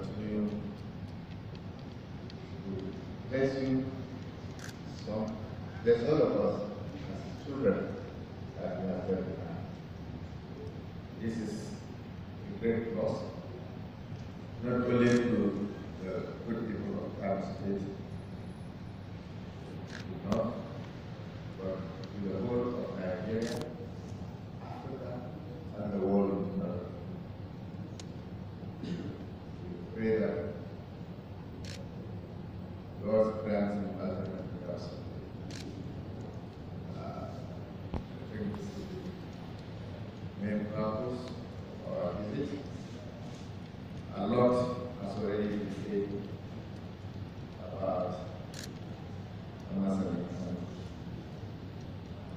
continue blessing So, There's all of us as children that we are very This is a great loss, not only to the good people of Palm State, ultimate Uh, I think this is the main purpose of our visit. A lot has already been said about the and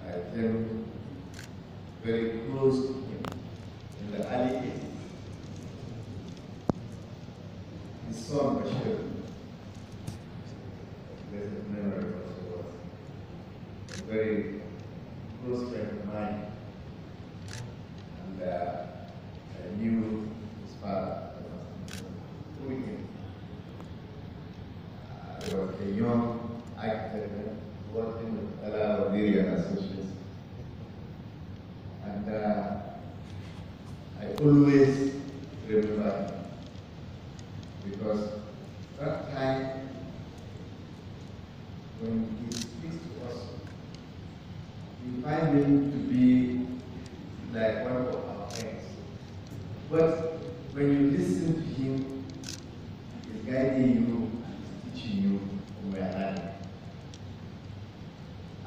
I think very close to him in the early 80s. Son Bashir. There's a memory also was a very close friend of mine. And uh, I knew his father. Who Uh, there was a young actor working with Ala Odiri and Associates. And uh, I always when he speaks to us, we find him to be like one of our friends. But when you listen to him, he's guiding you and teaching you where I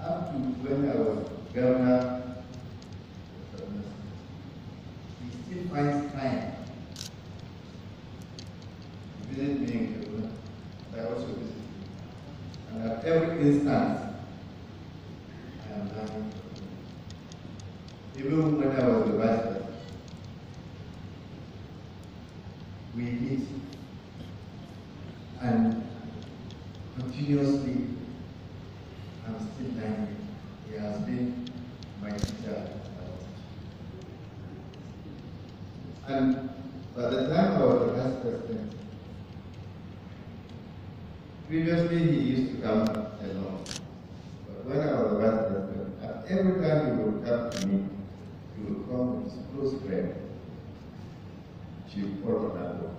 am. Up to when I was governor, instance. Even when I was a wrestler, we meet and continuously I'm still learning. Previously, he used to come alone. But when I was vice president, every time he would come to me, he would come with his close friend, Chief Coronado.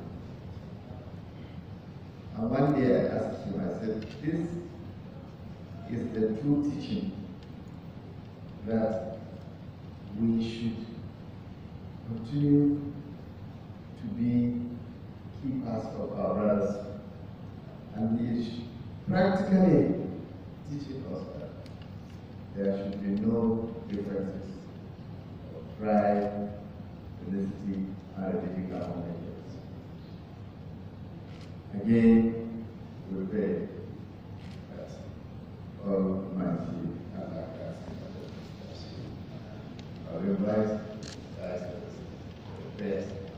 And one day I asked him, I said, this is the true teaching that we should continue to be keepers of our brothers Practically, teaching us that there should be no differences of pride, ethnicity, and political languages. Again, we pray that Almighty Allah has I will invite us the best